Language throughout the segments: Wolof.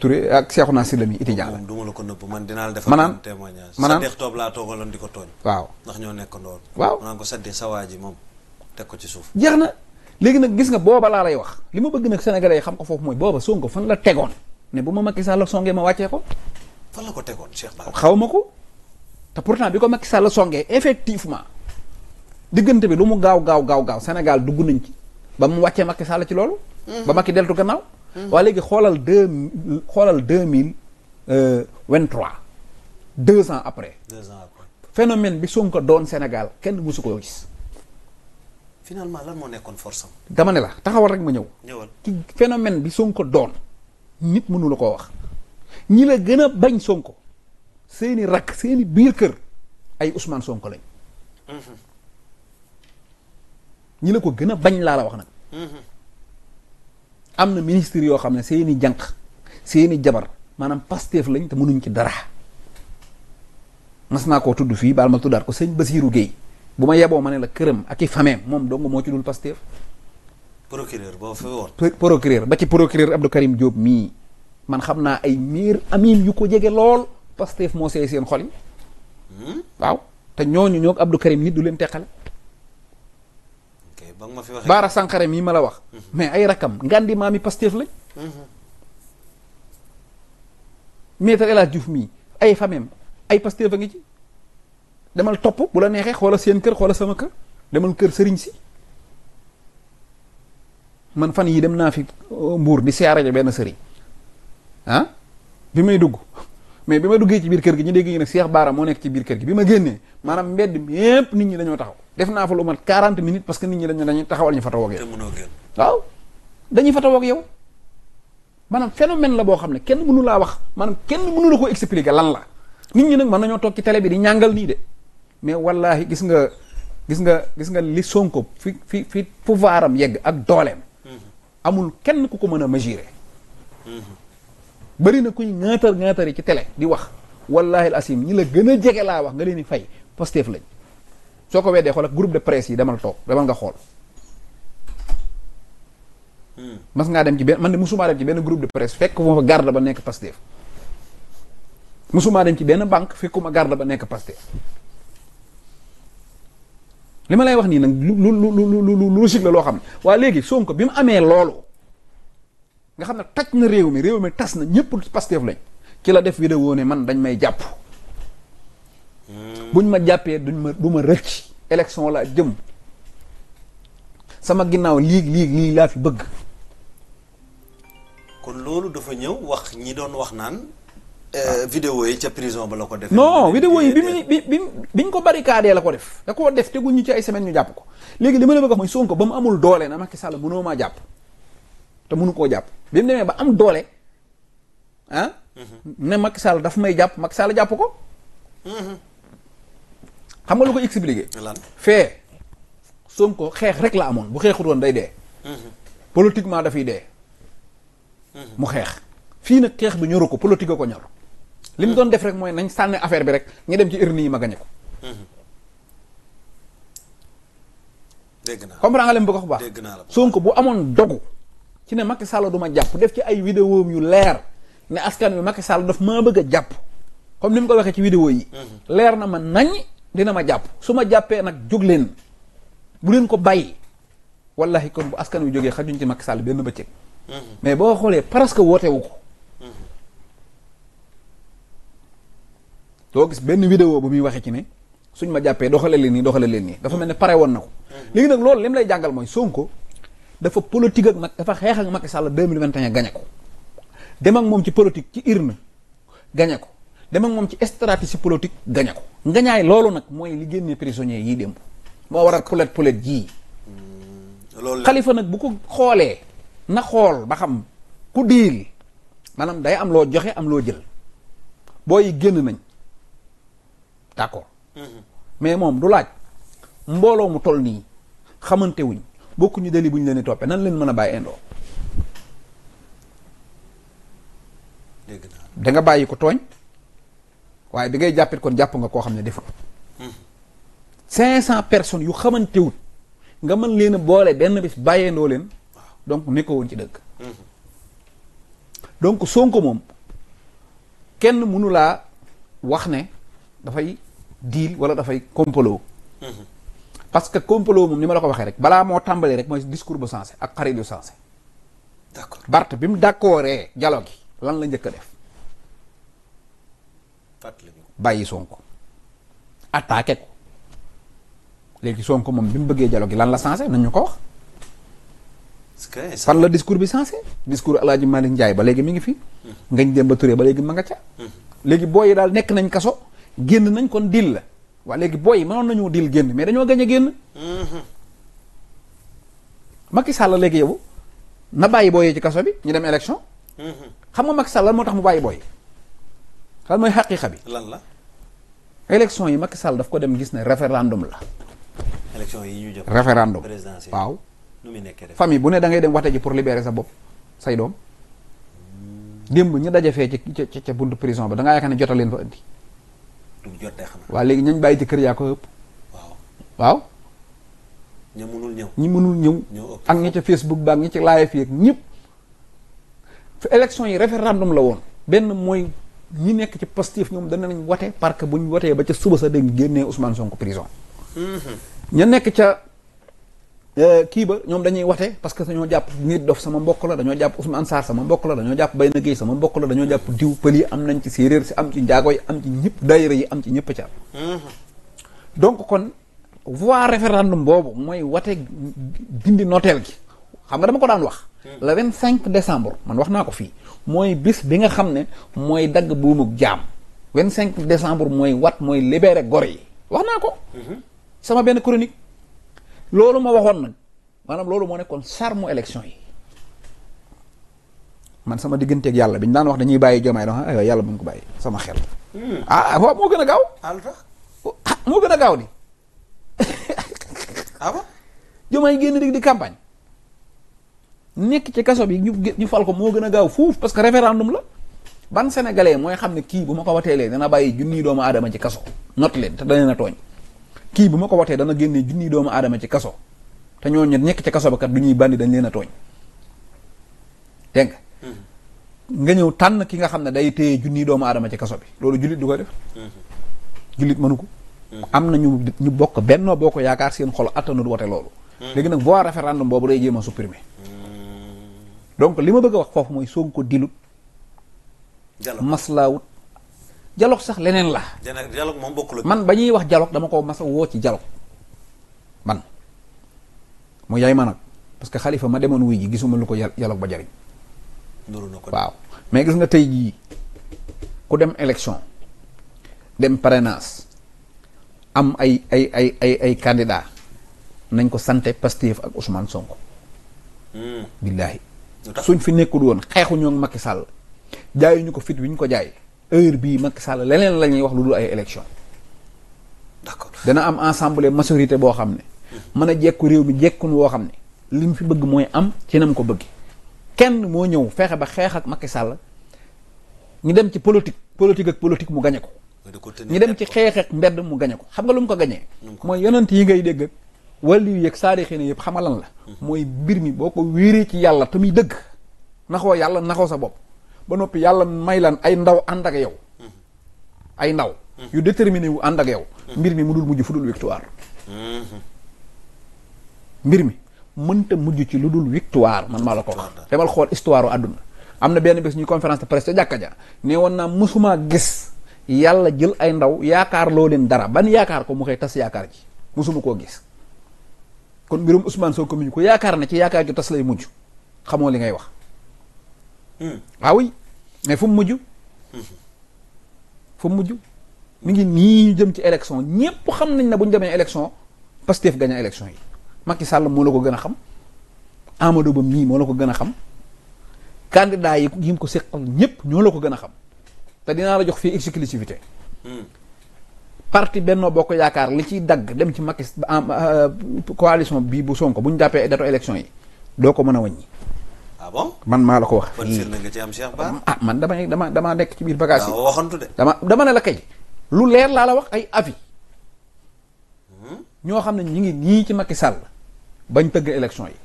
Touré ak Cheikhouna Sylla mi étudiant la. moom duma la ko nëbb man dinaa la defal. maanaam témoignage maanaam Saddex Toob laa toogaloon di ko tooñ. waaw ndax ñoo nekk ndoor. waaw maanaam ko Saddex sa waa ji moom teg ko ci suuf. jeex na léegi nag gis nga booba laa lay wax li ma bëgg nag sénégalais yi xam ko foofu mooy booba soo ko fan la tegoon ne bu ma Macky Sall songee ma wàccee ko. fan la ko tegoon Cheikh Bara. xaw ma ko te pourtant bi ko Macky Sall songee effectivement diggante bi lu mu gaaw gaaw gaaw gaaw Sénégal dugg nañ ci ba mu wàccee Macky Sall ci loolu. Mm-hmm. ba Macky deltu Mm-hmm. waa léegi xoolal deux xoolal deux mille euh, vingt-trois deux ans après. deux ans bi Sonko doon Sénégal kenn mësu koo gis. moo nekkoon force am dama ne la taxawal rek ma ñëw. ñëwal ki phénomène bi Sonko doon nit mënula la koo wax ñi la gën a bañ Sonko seeni rakk seeni biir kër ay Ousmane Sonko lañ. Mm-hmm. ñi la ko gën a bañ laa la wax nag. Mm-hmm. am na ministre yoo xam ne seeni jànq seeni jabar maanaam Pastef lañ te mënuñ ci dara mas naa koo tudd fii baa ma tuddaat ko sëñ Basirou Guèye bu ma yeboo ma ne la këram ak i fameem moom dong moo ci dul Pastef procureur boo fi woon ba ci procureur Abdou Karim Diop mii man xam naa ay miir amiin yu ko jege lool Pastef moo seey seen xol yi hmm? waaw te ñooñu ñoo Abdou Karim nit du leen teqale ba nga ma fi Baara Sankhare mii ma la wax. Mhm. mais ay rakam ngandi maam yi Pastef lañ. Mhm. Maître El Hadj Diouf mii ay famem ay Pastef a ngi ci. demal topp bu la neexee xoola seen kër xoola sama kër demal kër sëriñ si. man fan yi dem naa fi euh, mbuur di siyaare benn sëriñ ah bi may dugg mais bi ma duggee ci biir kër gi ñu dégg ñu ne Cheikh Baara moo nekk ci biir kër gi bi ma génnee maanaam mbedd mi nit ñi dañoo taxaw. def naa fa lu mat 40 minutes parce que nit ñi dañu dañuy taxawal ñu fa taw yow. waaw dañuy fa taw yow maanaam phénomène la boo xam ne kenn mënu wax maanaam kenn mënu ko expliquer lan la nit ñi nag mën nañoo toog ci tele bi di ñàngal nii de mais wallaahi gis nga gis nga gis nga li Sonko fi fi fi pouvoir am yegg ak dooleem. Mm-hmm. amul kenn ku ko mën a mesurer. Mm-hmm. bëri na kuy ŋaatar ŋaatar yi ci tele di wax wallaahi al asim ñi la gën a jege laa wax nga leen di fay Pastef lañ. soo ko weddee xool ak groupe de presse yi demal toog demal nga xool. Hmm. mas ngaa dem ci benn man de musumaa dem ci benn groupe de presse fekk ma fa garde ba nekk Pastef musumaa dem ci benn banque fekkuma garde ba nekk Pastef li ma lay wax nii nag lu lu lu lu lu logique la loo xam ne waa léegi Sonko bi mu amee loolu nga xam ne taj na réew mi réew mi tas na ñëpp Pastef lañ ci la def vidéo woone man dañ may jàpp. bu ñu ma jàppee duñ ma du ma rëcc élection laa jëm sama ginnaaw liig lii lii laa fi bëgg kon loolu dafa ñëw wax ñi doon wax naan euh, ah. vidéo yi ca prison ba la ko def non vidéo yi bi mu bi bi biñ ko barricadé la ko def da koo def teguñu ci ay semaine ñu jàpp ko léegi li ma la bëgg wax mooy Sonko ba mu amul doole na Macky Sall mënoo maa jàpp te mënu koo jàpp bi mu demee ba am doole ah mm-hmm. ne Macky Sall daf may jàpp Macky sàll jàpp ko mm-hmm. xam nga lu ko expliqué. lan fee Sonko xeex rek la amoon bu xeexut day dee. Mhm. politiquement dafay dee. Mhm. mu xeex fii nag xeex bi ñoru ko politique ko ñor. li mu mhm. doon def rek mooy nañ sànni affaire bi rek ñu dem ci urne yi ma gañe ko. dégg naa comprendre nga leen bëgg a wax bu baax. naa la Sonko bu amoon dogu. ci ne Macky Sall du ma jàpp def ci ay vidéo yu leer ne askan wi Macky Sall daf maa bëgg a jàpp comme ni mu ko waxee ci vidéo yi. leer na ma nañ dina ma jàpp su ma jàppee nag jóg leen bu leen ko bàyyi wallahi kon bu askan wi jógee xajuñ ci Macky Sall benn bëccëg. Mm-hmm. mais boo xoolee presque woote wu ko. Mm-hmm. doo gis benn vidéo bu muy waxee ci ne suñ ma jàppee doxalee leen nii doxale leen nii dafa mel ne pare woon na ko. Mm-hmm. léegi nag loolu lim lay jàngal mooy soom ko dafa politique ak nag dafa xeex ak Macky Sall 2021 gañe ko dem ak moom ci politique ci urne gañe ko. dem moom ci stratégie politique gaña ko ngañaay loolu nag mooy li génnee prisonniers yi démb moo waral poulet poulet jii hmm, loolu xalifa nag bu ko xoolee na xool ba xam ku diil maanaam day am loo joxe am loo jël booy yi génn nañ d'accord hmm. mais moom du laaj mbooloo mu toll nii xamante wuñ bokkuñu deli bu ñu leen di toppee nan leen mën a bàyyi indoo danga bàyyi ko tooñ waaye bi ngay jàppit kon jàpp nga koo xam ne deful. 500 personnes yu xamante nga mën leen a boole benn bis bàyyeendoo leen donc nekkoo woon ci dëgg. donc Sonko moom kenn mënu laa wax ne dafay diil wala dafay complot. parce que complot moom ni ma la ko waxee rek balaa moo tàmbali rek mooy discours bu sensé ak xarit yu sensé. d'accord bi mu d'accordee dialogue gi lan la njëkk a def. bàyyi sonk attaqué ko léegi Sonko moom bi mu bëggee dialogue gi lan la sensé nañu ko wax. fan la discours bi sensé discours Alaaji Malick Ndiaye ba léegi mi ngi fi. Hmm. Ngagne Demba Touré ba léegi ma nga ca. Hmm. léegi booy yi daal nekk nañ kaso génn nañ kon dil la waa léegi booy yi mënoon nañoo dil génn mais dañoo gañ a génn. Hmm. Macky Sall léegi yow na bàyyi booy yi ci kaso bi ñu dem élection. xam nga Macky Sall lan moo tax mu bàyyi booy. xam mooy xaqiqa bi. lan la. élection yi Macky Sall daf ko dem gis ne référendum la. élection yi ñu jëm référendum waaw. nu muy nekkee famille bu ne dangay ngay dem wate ji pour libérer sa bopp say doom. démb ñu daje fee ca ca buntu prison ba da ngaa yaakaar ne jotal leen fa indi. du jot de xam waaw léegi ñañ bàyyi ci kër yaa ko ëpp. waaw waaw. ñi mënul ñëw ñi mënul ñëw. ak ñi ca Facebook ba ak ñi ca live yi ak ñëpp. yi référendum la woon benn mooy. ñu nekk ci Pastef ñoom danañ wote parce que buñ wotee ba ca suba sa dañ génnee Ousmane Sonko prison. Mhm. ña nekk ca euh, kii ba ñoom dañuy wote parce que dañoo jàpp nit dof sama mbokk la dañoo jàpp Ousmane Sarr sama mbokk la dañoo jàpp Bayna Gueye sama mbokk la dañoo jàpp diw pël yi am nañ ci séeréer si am ci njaago yi am ci ñëpp daayira yi am ci ñëpp ca mhm. donc kon voie référendum boobu mooy wote dindi noteel gi. xam nga dama ko daan wax. le vingt cinq décembre man wax naa ko fii mooy bis bi nga xam ne mooy dagg buumug jaam vingt cinq décembre mooy wat mooy libéré gor yi wax naa ko. Mhm. sama benn chronique loolu ma waxoon nag maanaam loolu moo nekkoon charme élection yi. man sama digganteeg yàlla bi ñu daan wax dañuy bàyyi jomaay doon aywa yàlla bu ñu ko bàyyi sama xel. Hmm. ah, ah moo gën a gaaw. Ah, ah moo gën a gaaw di. ah jomaay génn rek di campagne. nekk ci kaso bi ñu ñu fal ko moo gën a gaaw fuuf parce que référendum la ban sénégalais mooy xam ne kii bu ma ko wateelee dana bàyyi junni doomu aadama ci kaso not leen te dana na tooñ kii bu ma ko watee dana génnee junniy doomu aadama ci kaso te ñooñu nekk ci kaso ba kat du ñuy bandi dañ leen a tooñ dégg nga ñëw tànn ki nga xam ne day téye junni doomu aadama ci kaso bi loolu jullit du ko def jullit mënu ko am na ñu ñu bokk bennoo boo ko yaakaar seen xol attanu wate loolu hmm. léegi nag voie référendum boobu day jéem a supprimer hmm. donc li ma bëgg a wax foofu mooy Sonko dilut maslaawut dialogue sax leneen la. dialogue moom man ba ñuy wax dialogue dama ko mas woo ci dialogue man mu yaay ma nag parce que xalifa ma demoon wuy ji gisuma lu ko dialogue ba jariñ waaw mais gis nga tey jii ku dem élection dem parrainage am ay ay ay ay nañ ko sante Pastef ak Ousmane Sonko. Hmm. billaahi suñ fi nekkul woon xeexuñu ak Macky Sall jaayuñu ko fit wi ñu ko jaay heure bii Macky Sall leneen la ñuy wax lu dul ay élection d'accord dana am assemblée majorité boo xam ne mën a jekku réew mi jekkun woo xam ne li mu fi bëgg mooy am ci nam ko bëgg kenn moo ñëw fexe ba xeex ak Macky Sall ñu dem ci politique politique ak politique mu gañe ko ñu dem ci xeex ak mbedd mu gañe ko xam nga lu mu ko gañee mooy yonent yi ngay dégg wàllu yu yëg saadixi ne yëpp xamalan la mooy mbir mi boo ko wéeree ci yàlla te muy dëgg naxoo yàlla naxoo sa bopp ba noppi yàlla may lan ay ndaw ànd ak yow ay ndaw yu déterminé wu ànd ak yow mbir mi mu dul mujj fu dul victoire mbir mi mënta mujj ci lu dul victoire man maa la ko wax demal xool histoire u àdduna am na benn bés ñuy conférence de presse ca jàkka ja ne woon naa mësumaa gis yàlla jël ay ndaw yaakaar loo leen dara ban yaakaar ko mu xëy tas yaakaar ji mësuma koo gis kon mbirum Ousmane Sonko mi ñu ko yaakaar na ci yaakaar ju tas lay mujj xamoo li ngay wax. Hmm. ah oui mais fu mu mujj. fu mu mujj mi ngi nii ñu jëm ci élection ñëpp xam nañ ne bu ñu demee élection Pastef gañ a élection yi Macky sàll moo la ko gën a xam amado Ba mii moo la ko gën a xam. candidat yi yi mu ko seqal ñëpp ñoo la ko gën a xam te dinaa la jox fii exclusivité. Hmm. parti Benno Bokk Yaakaar li ciy dagg dem ci ba Macky euh, coalition bii bu Sonko bu ñu jàppee datu élection yi doo ko mën a wàññi. ah bon man maa la ko wax. fii na nga ci am Cheikh Ba. ah man dama dama damaa nekk biir bagage yi. waxantu dama dama ne lu leer laa wax ay avis. Hmm? ñoo xam ne ñu ngi nii ci Macky Sall bañ tëgg élection yi.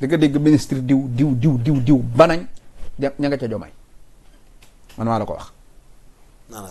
da nga dégg ministre diw diw diw diw diw banañ ña nga ca Diomaye man maa ko wax. naa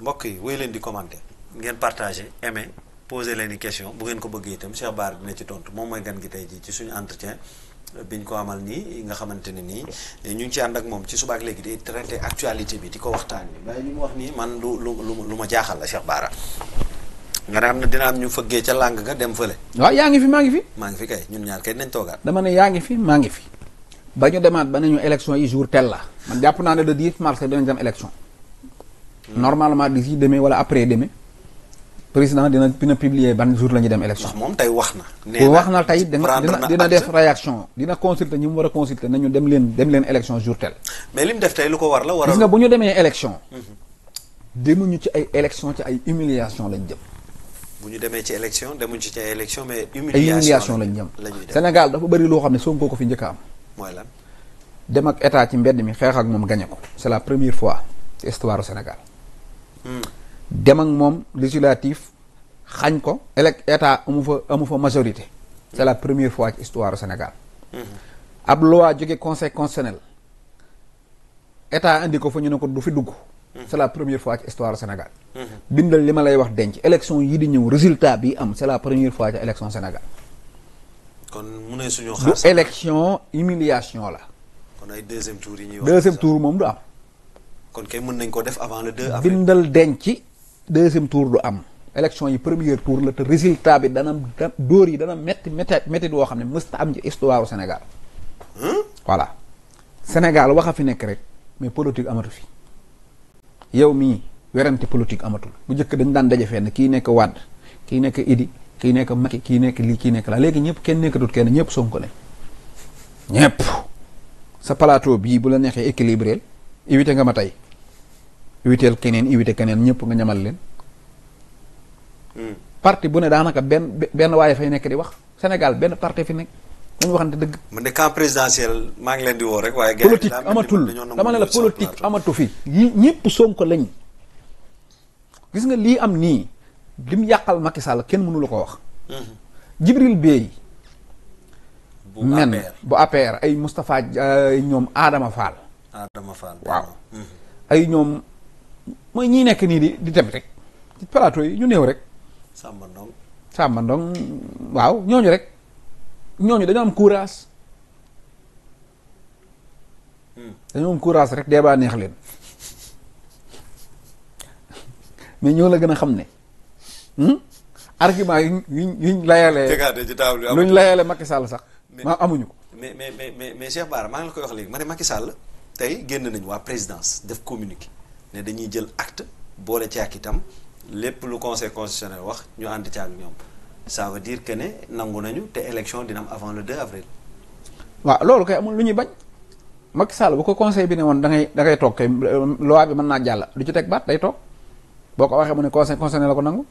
mbokk yi wéy leen di commenter ngeen partager aimer poser leen i question bu ngeen ko bëggee itam Cheikh baar dina ci tontu moom mooy gan gi tey ji ci suñu entretien biñ ko amal nii nga xamante ne nii ñu ngi ci ànd ak moom ci subaak léegi day traité actualité bi di ko waxtaan waaye ñu mu wax nii man lu lu lu ma jaaxal la Cheikh baara nga ne am na dina am ñu fëggee ca làng nga dem fële waaw yaa ngi fi maa ngi fi maa ngi fi kay ñun ñaar kay nañ toogaat dama ne yaa ngi fi maa ngi fi ba ñu demaat ba nañu élection yi jour tel la man jàpp naa ne le 10 mars dinañ normalement d'ici demee wala après demee président dina dina publier ban jour la ñuy dem élection. moom tey wax na. nee wax na tey dina dina def réaction dina consulter ñi mu war a consulter nañu dem leen dem leen élection jour tel. mais tey lu ko war la war gis nga bu ñu demee élection. Mhm. demuñu ci ay élection ci ay humiliation lañ jëm. bu ñu demee ci élection demuñu ci ay élection mais. humiliation lañ jëm Sénégal dafa bëri loo xam ne soo Sonko ko fi njëkk am. mooy lan. dem ak état ci mbedd mi xeex ak moom gañe ko. c'est la première fois ci histoire Sénégal. dem ak moom législatif xañ ko élec état amu fa amu fa majorité c'est la première fois ci histoire Sénégal mm-hmm. ab loi jóge conséquence constitutionnel état indi ko fa ñu ne ko du fi dugg mm-hmm. c'est la première fois ci histoire Sénégal mm-hmm. bindal li ma lay wax denc élection yi di ñëw résultat bi am c'est la première fois ci élection Sénégal kon mu ne suñu xaar du élection humiliation la kon ay deuxième tour tour moom du am kon kay mën nañ koo def avant le 2 avril. bindal denc deuxième tour du am. élection yi premier tour la te résultat bi dana dóor yi dana métti métti métti woo xam ne mësta am ci histoire Sénégal. voilà Sénégal waxa fi nekk rek mais politique amatu fi. yow mii werante politique amatul bu njëkk dañ daan daje fenn kii nekk Wade kii nekk Idi kii nekk Macky kii nekk lii kii nekk la léegi ñëpp kenn nekkatut kenn ñëpp Sonko ne ñëpp bii bu la neexee équilibré. invité nga ma tey inviteel keneen invité keneen ñëpp nga ñamal leen. Hmm. parti bu ne daanaka benn benn waaye fay nekk di wax Sénégal benn parti fi nekk dañu waxante dëgg. man de camp présidentiel maa ngi leen di woo rek waaye. politique amatul dama ne la politique amatu fi. yi ñëpp Sonko lañ gis nga lii am nii lim yàqal Macky Sall kenn mënu ko wax. Hmm. Jibril Bey. men bu APR ay Moustapha ñoom aadama Fall. Adama Fall waaw mm-hmm. ay ñoom mooy ñi nekk nii di di dem rek ci ñu new rek. Samba Ndong. waaw ñooñu rek ñooñu dañoo am courage. Mm. dañoo am courage rek dee baa neex leen mais ñoo la gën a xam ne hmm? argument yuñ yuñ yuñ layalee. luñ layalee Macky Sall sax. ma amuñu ko. mais mais mais mais Cheikh Bara maa ngi la koy wax léegi ma ne Macky Sall. tey génn nañu waa présidence def communiqué ne dañuy jël acte boole ci itam lépp lu conseil constitutionnel wax ñu ànd ci ak ñoom ça veut dire ne nangu nañu te élection dinam avant le 2 avril. waaw loolu kay amul lu ñuy bañ. Macky Sall bu ko conseil bi ne woon da ngay da ngay toog kay loi bi mën naa jàll du ci teg baat day toog boo ko waxee mu ne conseil conseil ne la ko nangu.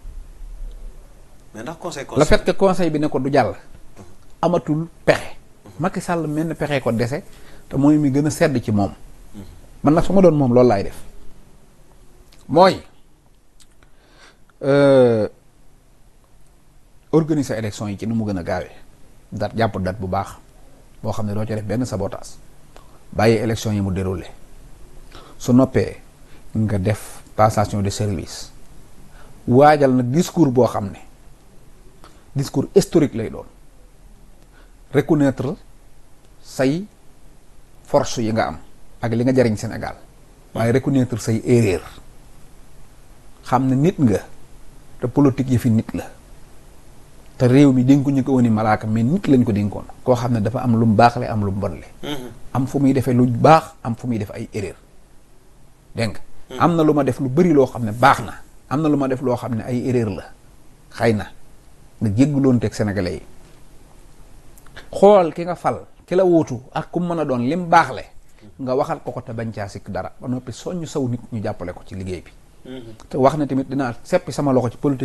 mais ndax conseil conseil. le fait conseil bi ne ko du jàll. Mhm. amatul pexe. Mhm. Macky Sall mel ne ko dese. te mooy mi gën a sedd ci moom man nag su ma doon moom loolu laay def mooy euh, organiser élection yi ci ni mu gën a gaawee dat jàpp dat bu baax boo xam ne doo ci def benn sabotage bàyyi élection yi mu déroulé su noppee nga def passation de service waajal nag discours boo xam ne discours historique lay doon reconnaître say force yi nga am ak li nga jariñ Sénégal waaye reconnaître say erreur xam ne nit nga te politique yi fi nit la te réew mi dénkuñu ko woon malaaka mais nit lañ ko dénkoon koo xam ne dafa am lu mu baax le am lu mu bon le mm-hmm. am fu muy defee lu baax am fu muy def ay erreur dégg nga mm-hmm. am na lu ma def lu bari loo xam ne baax na am na lu ma def loo xam ne ay erreur la xëy na nga jégguloon teg sénégalais yi xool ki nga fal ki la wuutu ak ku mën a doon lim baaxle nga waxal ko ko te bañ caa sikk dara ba noppi soññ saw nit ñu jàppale ko ci liggéey bi mm-hmm. te wax ne tamit dinaa seppi sama loxo ci politique